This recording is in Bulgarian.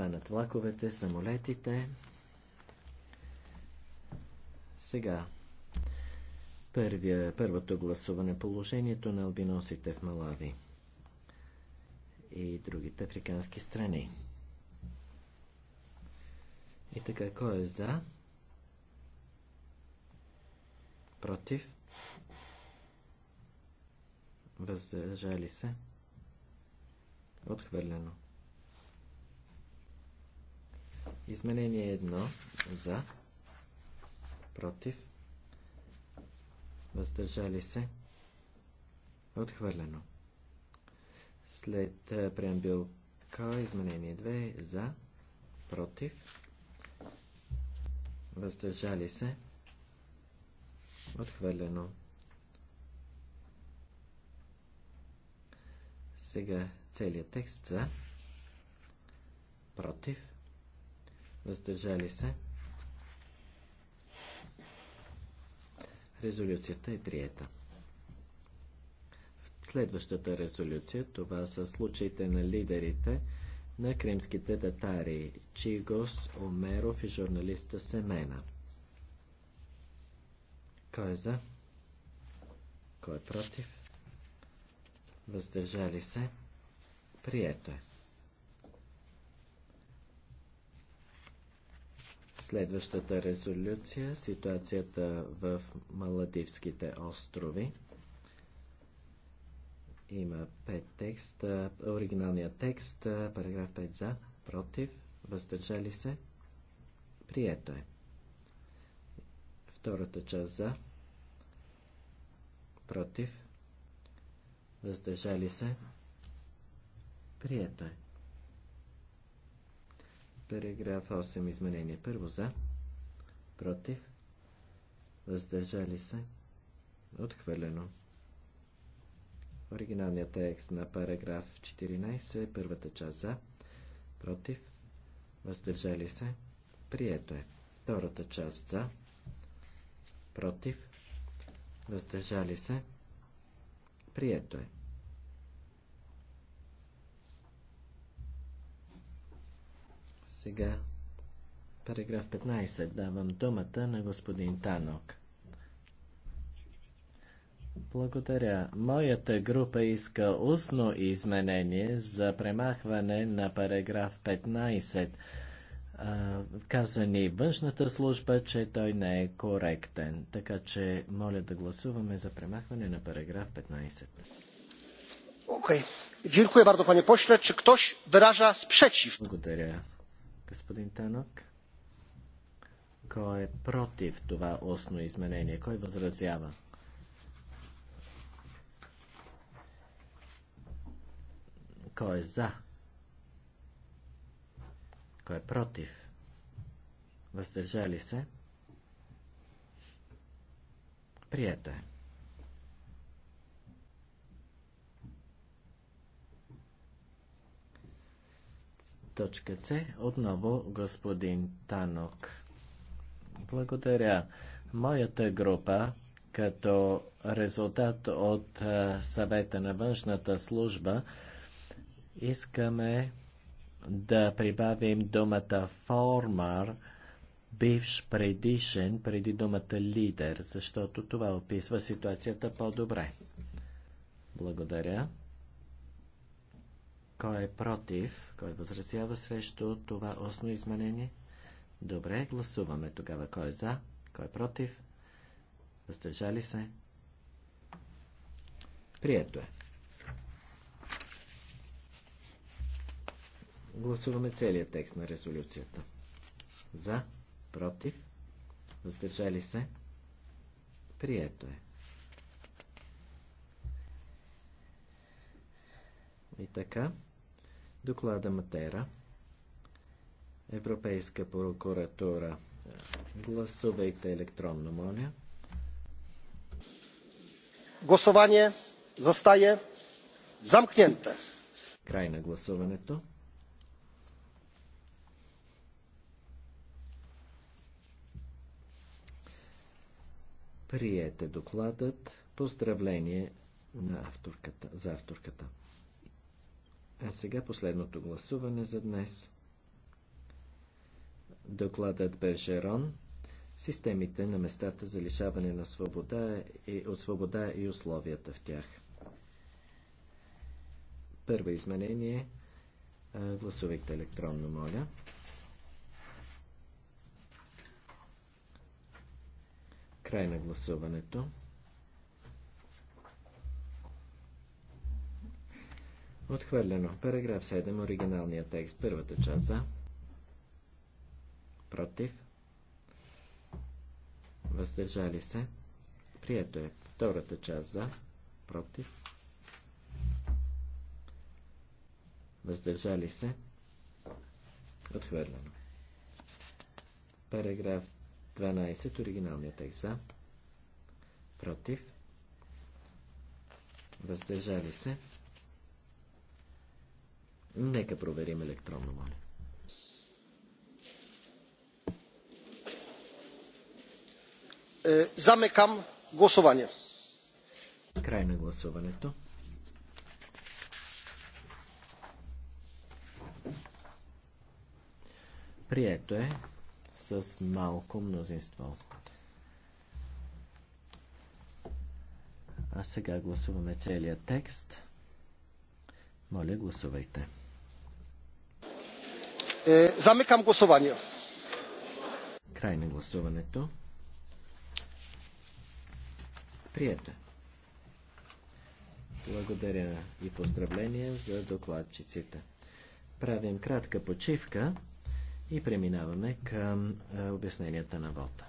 хванат влаковете, самолетите. Сега, първия, първото гласуване, положението на албиносите в Малави и другите африкански страни. И така, кой е за? Против? Въздържали се? Отхвърлено. Изменение 1 за, против, въздържали се, отхвърлено. След е, преамбил К, изменение 2 за, против, въздържали се, отхвърлено. Сега целият текст за, против, въздържали се. Резолюцията е приета. В следващата резолюция, това са случаите на лидерите на кримските татари Чигос Омеров и журналиста Семена. Кой е за? Кой е против? Въздържали се? Прието е. Следващата резолюция – ситуацията в Маладивските острови. Има пет текста. Оригиналният текст, параграф 5 за, против, въздържали се. Прието е. Втората част за, против, въздържали се. Прието е. Параграф 8. Изменение първо за. Против. Въздържали се. Отхвърлено. Оригиналният текст на параграф 14, първата част за, против, въздържали се, прието е. Втората част за, против, въздържали се, прието е. Сега параграф 15. Давам думата на господин Танок. Благодаря. Моята група иска устно изменение за премахване на параграф 15. А, каза ни външната служба, че той не е коректен. Така че моля да гласуваме за премахване на параграф 15. Окей. Okay. Dziękuję bardzo, panie pośle. Czy ktoś wyraża sprzeciw? Благодаря господин Танок. Кой е против това устно изменение? Кой възразява? Кой е за? Кой е против? Въздържали се? Прието е. точка С. Отново господин Танок. Благодаря. Моята група, като резултат от съвета на външната служба, искаме да прибавим думата формар, бивш предишен, преди думата лидер, защото това описва ситуацията по-добре. Благодаря. Кой е против? Кой възразява срещу това осно изменение? Добре, гласуваме тогава. Кой е за? Кой е против? Въздържали се? Прието е. Гласуваме целият текст на резолюцията. За, против, въздържали се, прието е. И така, Доклада Матера. Европейска прокуратура. Гласувайте електронно, моля. Гласование застае замкнента. Край на гласуването. Приете докладът. Поздравление на авторката, за авторката. А сега последното гласуване за днес. Докладът Бержерон Системите на местата за лишаване на свобода и, от свобода и условията в тях. Първо изменение. Гласувайте електронно, моля. Край на гласуването. Отхвърлено. Параграф 7. Оригиналния текст. Първата част за. Против. Въздържали се. Прието е. Втората част за. Против. Въздържали се. Отхвърлено. Параграф 12. Оригиналния текст за. Против. Въздържали се. Нека проверим електронно, моля. Е, замекам гласование. Край на гласуването. Прието е с малко мнозинство. А сега гласуваме целият текст. Моля, гласувайте. Е, замикам гласуване. Край на гласуването. Прието. Благодаря и поздравления за докладчиците. Правим кратка почивка и преминаваме към е, обясненията на вода.